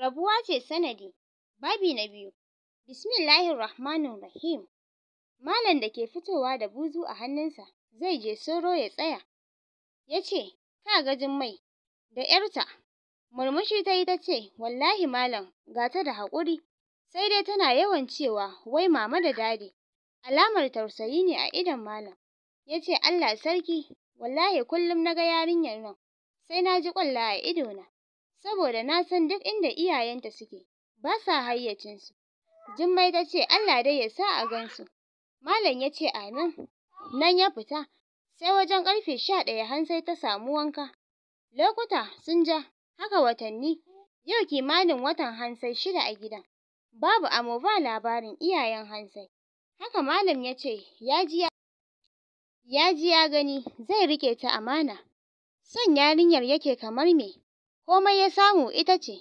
Rabuwa ce sanadi. Babi na biyu. Bismillahir Rahmanir Rahim. Malam da ke fitowa da buzu a hannunsa zai je soro ya tsaya. Ya ce, Ka ga Jummai da ‘yarta. Murmushi ta yi ta ce, Wallahi malam, ga ta da haƙuri. Sai dai tana yawan cewa, wai mama da dadi. Alamar tausayi ne a idon malam. Ya ce, Allah sarki, wallahi kullum na ga yarinyar nan. Sai na ji ƙwalla a idona. saboda na san duk inda iyayenta suke ba sa hayyacinsu. Jummai ta ce Allah dai ya sa a gansu. Malam ya ce amin. Nan ya fita, sai wajen karfe sha ɗaya hansai ta samu wanka. Lokuta sun ja, haka watanni, yau kimanin watan hansai shida a gidan. Babu amo ba labarin iyayen hansai. Haka malam ya ce ya ji ya gani zai rike ta amana. Son yarinyar yake kamar me, komai ya samu ita ce.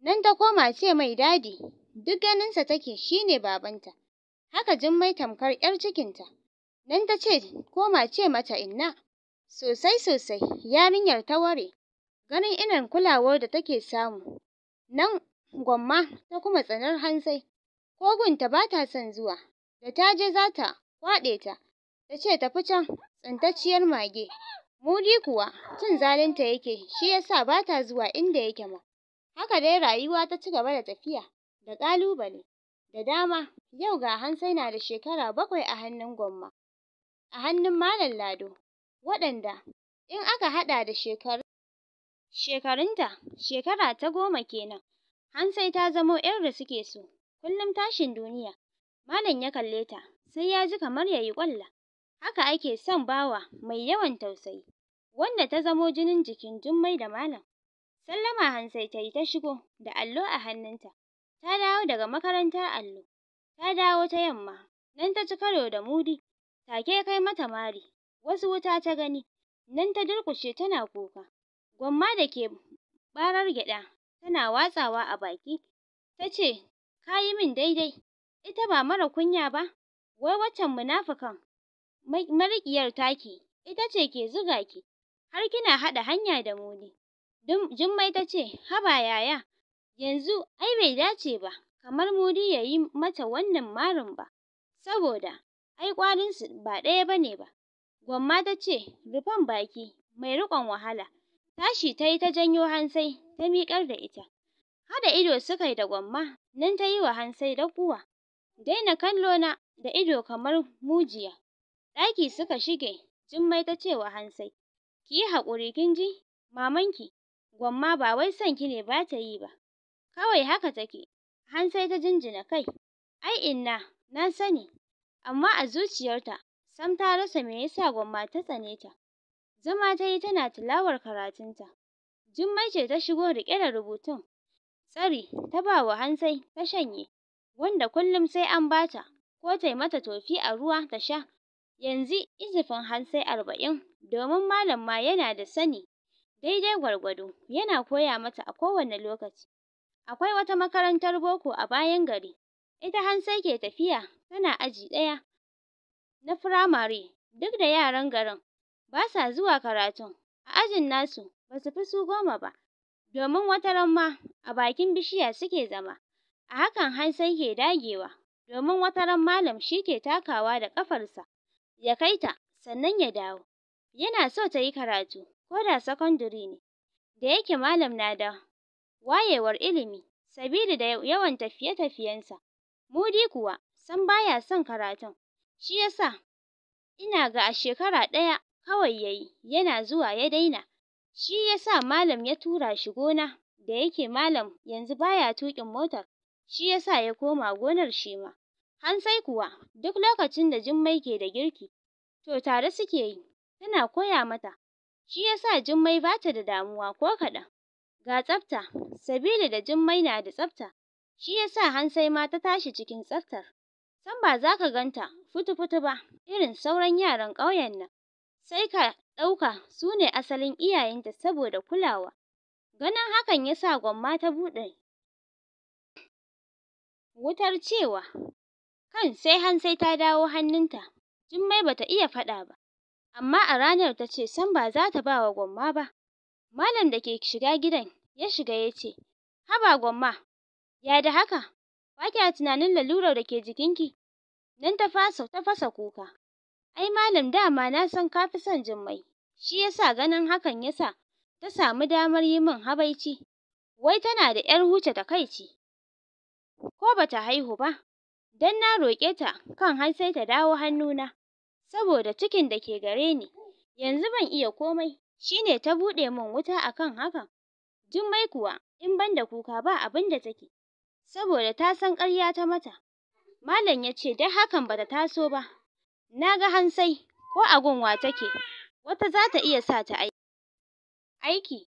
Nan ta koma ce mai dadi, duk ganinsa take shi ne babanta. Haka Jummai tamkar 'yar cikinta. Nan ta ce koma ce mata inna. Sosai sosai yarinyar ta ware, ganin inan kulawar da take samu. Nan gwamma ta kuma tsanar hanzai, kogunta ba ta son zuwa, da ta je za ta kwaɗe ta, ta ce tafi can tsintacciyar mage. Mudi kuwa cin zalinta yake shi ya sa ba ta zuwa inda yake ma. Haka dai rayuwa ta ci gaba da tafiya, da ƙalubale da dama, yau ga Hantsi na da shekara bakwai a hannun Gwamma, a hannun Malam Lado, waɗanda, in aka haɗa da shekarunta shekara ta goma kenan, hansai ta zamo 'yar da suke so, kullum tashin duniya, Malam ya kalle ta sai ya ji kamar ya yi ƙwalla. Haka ake son bawa mai yawan tausayi, wanda ta zamo jinin jikin Jummai da Malam. Sallama Hansai tayi ta shigo, da allo a hannunta. Ta dawo daga makarantar allo. Ta dawo ta yamma. Nan ta ci karo da Mudi. Take ya kai mata mari. Wasu wuta ta gani. Nan ta durƙushe tana kuka. Gwamma da ke ɓarar gyaɗa tana watsawa a baki. tace kayi min daidai. Ita ba mara kunya ba. Wai waccan munafukan mariƙiyar taki ita ce ke zuga ki har kina haɗa hanya da mu ne? Jummai ta ce haba yaya yanzu ai bai dace ba kamar mudi ya yi mata wannan marin ba saboda ai ƙwarinsu ba ɗaya ba ne ba gwamma ta ce rufan baki mai riƙon wahala tashi ta yi ta janyo hansai ta miƙar da ita haɗa ido suka yi da gwamma nan ta yi wa hansai kuwa daina kallo na da ido kamar mujiya Ɗaki suka shige, Jummai ta ce wa Hansai, ki yi haƙuri kin ji, mamanki, gwamma ba wai son ki ne ba ta yi ba, kawai haka take. Hansai ta jinjina kai, ai inna, na sani, amma a zuciyarta sam ta rasa me yasa gwamma ta tsane ta. Zama ta yi tana tilawar karatunta. Jummai ce ta shigo riƙe da rubutun. Tsari ta ba wa Hansai ta shanye, wanda kullum sai an ba ta, ko tai mata tofi a ruwa ta sha, yanzu izifin hansai arba'in domin malam ma yana da sani daidai gwargwado yana koya mata a kowane lokaci akwai wata makarantar boko a bayan gari ita hansai ke tafiya tana aji ɗaya na firamare duk da yaran garin ba sa zuwa karatun a ajin nasu ba su fi su goma ba domin wataran ma a bakin bishiya suke zama a hakan Hansai ke dagewa domin wata ran malam shi ke takawa da ƙafarsa ya kai ta sannan ya dawo yana so ta yi karatu ko da sakandare ne da yake malam na da wayewar ilimi sabili da yawan tafiye-tafiyensa Mudi kuwa san baya son karatun shi yasa ina ga a shekara ɗaya kawai yayi yana zuwa ya daina shi yasa malam ya tura shi gona da yake malam yanzu baya tukin motar shi yasa ya koma gonar shi ma Hansai kuwa duk lokacin da Jummai ke da girki, to tare suke yi, tana koya mata, shi ya sa Jummai ba ta da damuwa ko kaɗan. Ga tsafta, sabili da Jummai na da tsafta, shi ya sa hansai ma ta tashi cikin tsaftar. Sam ba za ka ganta futu-futu ba irin sauran yaran ƙauyen nan, sai ka ɗauka su ne asalin iyayenta saboda kulawa. Ganin hakan ya sa Gwamma ta buɗe wutar cewa kan sai hansai ta dawo hannunta. Jummai bata iya faɗa ba, amma a ranar ta ce san ba za ta ba wa Gwamma ba. Malam da ke shiga gidan ya shiga ya ce, Haba Gwamma, ya da haka, ba kya tunanin lalurar da ke jikinki? Nan ta fasa ta fasa kuka. Ai malam dama na san ka fi son Jummai, shi yasa ganin hakan yasa ta samu damar yi min habaici. Wai tana da 'yar huce ta kaici. Ko bata haihu ba, dan na roƙe ta kan har sai ta dawo hannuna saboda cikin da ke gare ni yanzu ban iya komai Shi ne ta buɗe min wuta akan haka Jummai kuwa in ban da kuka ba abin abinda take saboda ta san ƙarya ta mata Malam ya ce dai hakan bata taso ba. Na ga hansai ko a gunwa take, wata za ta iya sa ta aiki. Aiki,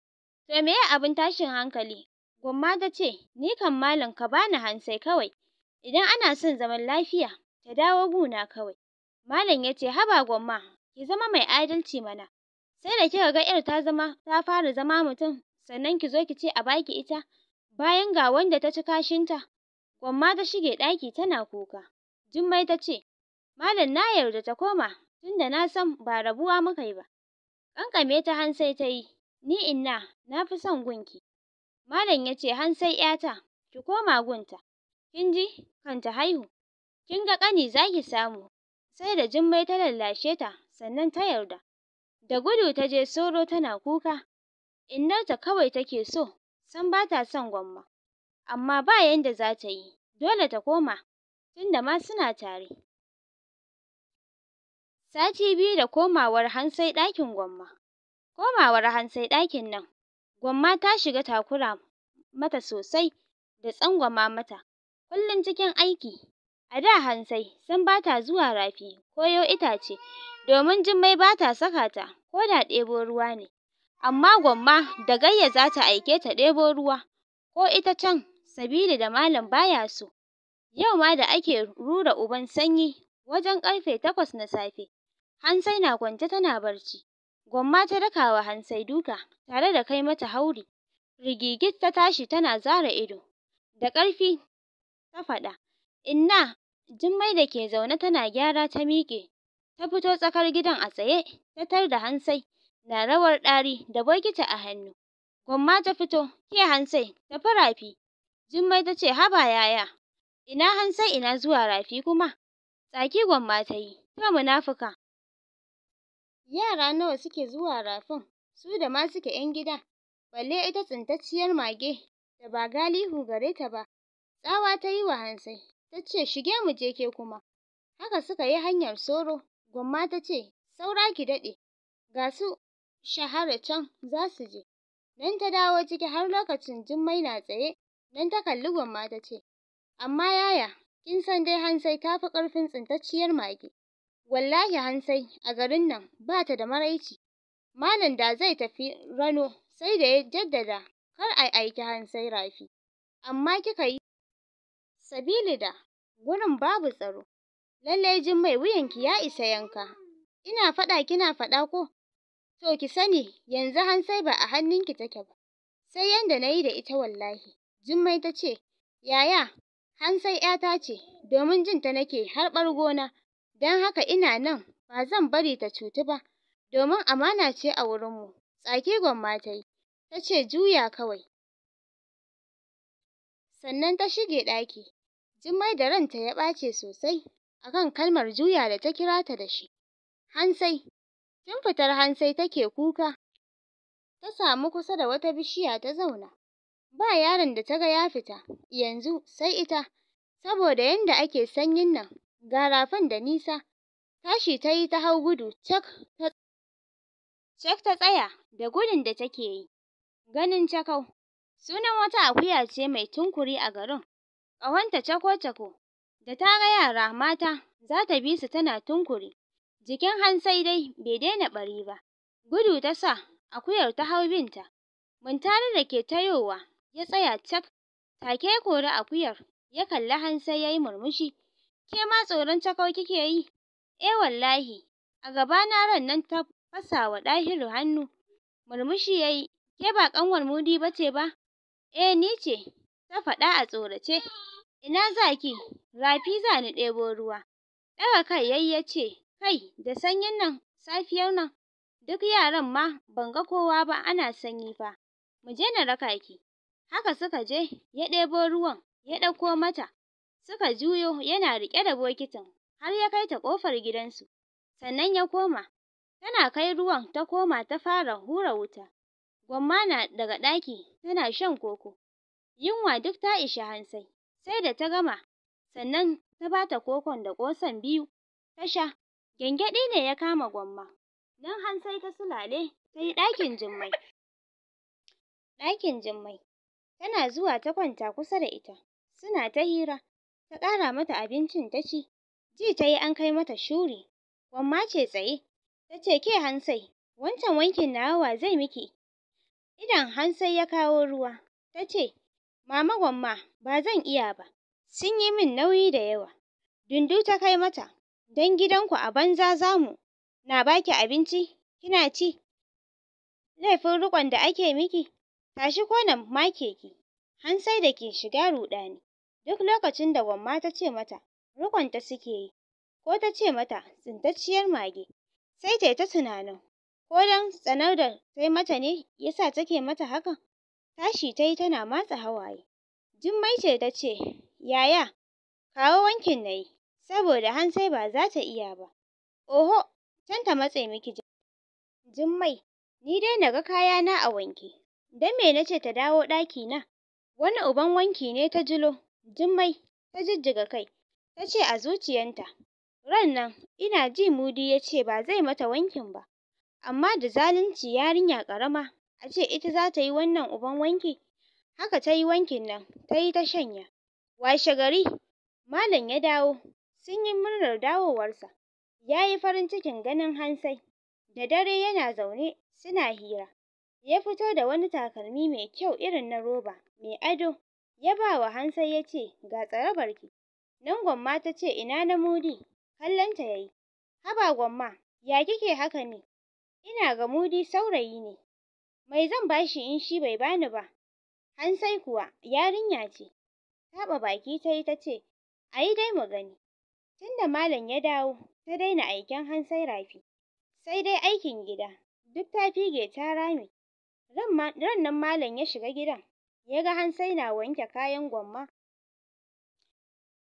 to meye abin tashin hankali? Gwamma ta ce, ni kan malam ka bani hansai kawai, idan ana son zaman lafiya ta dawo guna kawai malam yace haba gwamma ki zama mai adalci mana sai da kika ga 'yar ta zama ta fara zama mutum sannan ki zo ki ce a baki ita bayan ga wanda ta ci kashin ta gwamma ta shige ɗaki tana kuka jummai ta ce malam na yarda ta koma tunda na san ba rabuwa muka yi ba ƙanƙame ta hansai ta yi ni inna na fi son gunki malam ya ce hansai yata ki koma gunta kin ji kan ta haihu kin ga ƙani zaki samu sai da Jummai ta lallashe ta sannan ta yarda da gudu ta je soro tana kuka innarta kawai take so san ba ta son gwamma amma ba yanda za ta yi dole ta koma tunda ma suna tare sati biyu da komawar hansai ɗakin gwamma komawar hansai ɗakin nan gwamma ta shiga takura mata sosai da tsangwama mata kullum cikin aiki. A da hansai san ba ta zuwa rafi koyo itace domin Jummai ba ta saka ta ko da ɗebo ruwa ne, amma gwamma da Gayya za ta aike ta ɗebo ruwa ko ita can sabili da Malam baya ya so. Yau ma da ake rura uban sanyi wajen ƙarfe takwas na safe, hansai na kwance tana barci. Gwamma ta daka wa Hantsai duka tare da kai mata hauri. Rigigit ta tashi tana zare ido. Da ƙarfi ta faɗa. Inna Jummai da ke zaune tana gyara ta miƙe, ta fito tsakar gidan a tsaye, ta tar da Hansai na rawar ɗari da bokiti a hannu. Gwamma ta fito, ke Hansai, tafi rafi. Jummai ta ce, haba yaya, ina Hansai ina zuwa rafi kuma? Tsaki gwamma ta yi, to munafuka. Yara nawa suke zuwa rafin, su da ma suke 'yan gida, balle ita tsintacciyar mage da ba galihu gare ta ba. tsawa ta yi wa Hansai ta ce shige mu je ke kuma haka suka yi hanyar soro gwamma ta ce saura ki daɗe ga su shahara can za su je dan ta dawo ciki har lokacin Jummai na tsaye dan ta kalli gwamma ta ce amma yaya kin san dai Hansai ta fi ƙarfin tsintacciyar mage wallahi Hansai a garin nan ba ta da maraici malam da zai tafi rano sai da ya jaddada kar a aiki Hansai rafi amma kika yi sabili da gurin babu tsaro. Lallai Jummai wuyanki ya isa yanka. Ina faɗa kina faɗa ko? To ki sani yanzu han sai ba a hannunki take ba. Sai yanda nayi da ita wallahi. Jummai ta ce, "Yaya, hansai ƴata ce, domin jin ta nake har gona don haka ina nan ba zan bari ta cutu ba, domin amana ce a wurinmu." Tsaki gwamma ta yi, ta ce, "Juya kawai." Sannan ta shige ɗaki. Jummai da ranta ya ɓace sosai a kan kalmar juya da ta kira ta da shi. Hansai. tun fitar hantsai take kuka. Ta samu kusa da wata bishiya ta zauna. Ba yaron da ta ga ya fita, yanzu sai ita, saboda yanda ake sanyin nan, ga da nisa. Tashi ta yi ta hau gudu cak ta tsaya da gudun da take yi. Ganin cakau, sunan wata akuya ce mai tunkuri a garin. ƙawanta cako-cako da ta ga yara mata za ta bi su tana tunkuri. Jikin hantsai dai bai daina ɓari ba. Gudu ta sa akuyar ta hau binta. Muntari da ke tayowa ya tsaya cak take ya kori akuyar ya kalli hantsai ya yi murmushi. Ke ma tsoron cakau kike yi? Eh wallahi a gaba na ran nan ta fasa wa ɗahiru hannu. Murmushi ya yi ke ba ƙanwar Mudi ba ce ba? Eh ni ce. ta faɗa a tsorace. Ina za ki? Rafi za ni ɗebo ruwa. Ɗaga kai yayi ya ce, Kai, da sanyin nan, safiyar nan, duk yaran ma ban ga kowa ba ana sanyi ba. Mu je na raka ki. Haka suka je, ya ɗebo ruwan, ya ɗauko mata. Suka juyo yana riƙe da bokitin har ya kai ta ƙofar gidansu. Sannan ya koma. Tana kai ruwan ta koma ta fara hura wuta. Gwamma na daga ɗaki tana shan koko. Yunwa duk ta ishi Hansai, sai da ta gama, sannan ta bata ta kokon da kosan biyu ta sha. gengedi ne ya kama Gwamma, don Hansai ta sulale ta yi ɗakin Jummai. ɗakin Jummai. Tana zuwa ta kwanta kusa da ita, suna ta hira. Ta ƙara mata abincin ta ci, ji ta yi an kai mata shuri. Gwamma ce tsaye, ta ce ke Hansai, wancan wankin nawa wa zai miki? Idan Hansai ya kawo ruwa, ta ce Mama Gwamma ba zan iya ba, sun yi min nauyi da yawa. Dundu ta kai mata, don gidanku a banza za mu, na ba ki abinci, kina ci, laifin riƙon da ake miki, tashi ko na make ki, Hansai da ke shiga ruɗani. Duk lokacin da Gwamma ta ce mata, riƙonta suke yi, ko ta ce mata tsintacciyar mage, sai tai ta tunanin ko don tsanar da tai mata ne ya sa take mata hakan. Tashi ta yi tana matsa hawaye. Jummai ce ta ce, Yaya, kawo wankin na yi, saboda Hansai ba za ta iya ba. Oho, can ta matse miki jiki. Jummai, ni dai na ga kayana a wanke. Don me na ce ta dawo ɗaki na Wani uban wanki ne ta jilo. Jummai ta jijjiga kai, ta ce a zuciyanta, Ran nan ina ji Mudi ya ce ba zai mata wankin ba, amma da zalunci yarinya ƙarama A ce ita za ta yi wannan uban wanki. Haka tayi wankin nan, tayi yi ta shanya. gari. Malam ya dawo. Sun murnar dawowarsa. Ya yi farin cikin ganin Hansai. Da dare yana zaune suna hira. Ya fito da wani takalmi mai kyau irin na roba, mai ado. Ya bawa Hansai ya ce, Ga tsarabarki. Nan Gwamma tace Ina na Mudi? Kallonta ya yi. Haba Gwamma, ya kike haka ne? Ina ga Mudi saurayi ne, Mai zan ba shi in shi bai bani ba? Hansai kuwa yarinya ce. Taɓa baki ta yi ta ce, a yi dai mu gani. Tunda malam ya dawo, ta daina aiken Hansai rafi. Sai dai aikin gida, duk ta fige ta rami, Ran nan malam ya shiga gidan, ya ga Hansai na wanke kayan gwamma.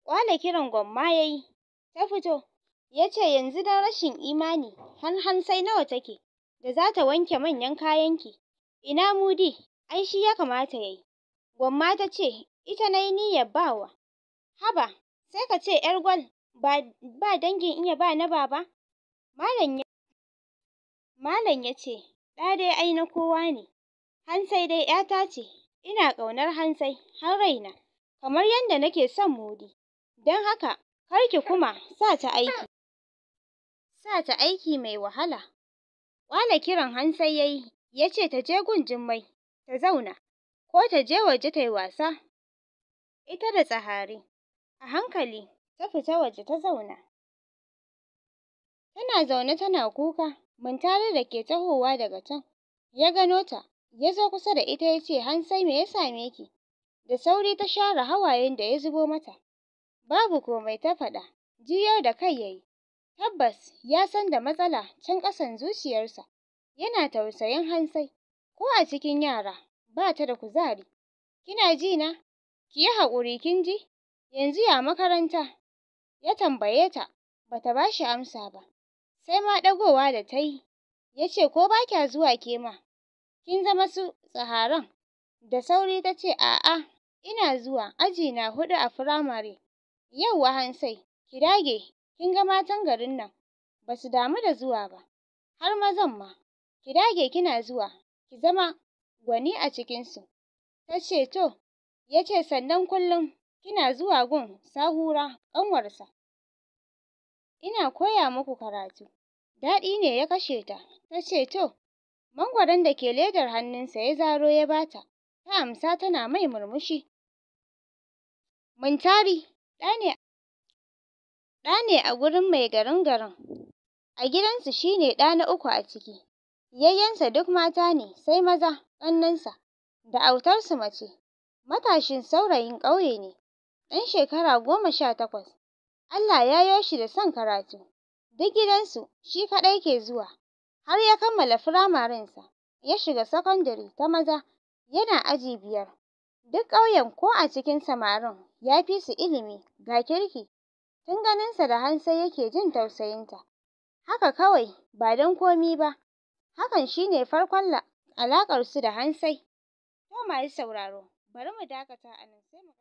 Ƙwala kiran gwamma ya yi, ta fito. Ya ce yanzu don rashin imani, har Hansai nawa take, da za ta wanke manyan kayanki. Ina Mudi, ai shi ya kamata ya Gwamma ta ce ita na yi niyyar ba wa. Haba, sai ka ce 'yar gwal ba dangin iya ba na baba? Malam ya ce ɗa dai ai na kowa ne. Hansai dai 'yata ce, ina ƙaunar Hansai har raina, kamar yadda nake son Mudi, don haka kar ki kuma sa ta aiki. Sa ta aiki mai wahala. Ƙwala kiran Hansai ya yi ya ce ta je gun Jummai ta zauna ko ta je waje ta yi wasa. Ita da tsahari a hankali ta fita waje ta zauna. Tana zaune tana kuka tare da ke tahowa daga can ya gano ta ya zo kusa da ita ya ce hansai me ya same ki da sauri ta share hawayen da ya zubo mata. Babu komai ta faɗa jiyar da kai yayi tabbas ya san da matsala can ƙasan zuciyarsa. yana tausayin Hansai ko a cikin yara ba ta da kuzari kina ji na ki yi haƙuri kin ji yanzu ya makaranta ya tambaye ta bata bashi amsa ba sai ma ɗagowa da ta yi ya ce ko ba kya zuwa ke ma kin zama su tsaharan da sauri ta ce a'a ina zuwa aji na huɗu a firamare Yau yauwa Hansai ki dage kin ga matan garin nan Ba su damu da zuwa ba har mazan ma ki dage kina zuwa ki zama gwani a cikinsu ta ce to ya ce sannan kullum kina zuwa gun sahura ƙanwarsa ina koya muku karatu daɗi ne ya kashe ta ta ce to mangwaron da ke ledar hannunsa ya zaro ya bata ta amsa tana mai murmushi muntari ɗa ne a gurin mai garin garin a gidansu shine ɗa na uku a ciki Yayyensa duk mata ne sai maza ƙannensa, da autarsu mace. Matashin saurayin ƙauye ne, ɗan shekara goma sha takwas. Allah ya yo shi da son karatu, duk gidansu shi kaɗai ke zuwa. Har ya kammala firamarinsa ya shiga sakandare ta maza yana aji biyar. Duk ƙauyen ko a cikin samarin ya fi su ilimi ga kirki. Tun ganinsa da Hantsi yake jin tausayinta. Haka kawai ba don komi ba Hakan shi ne farkon alaƙarsu da Hansai. Ko masu sauraro, bari mu dakata a nan sai mu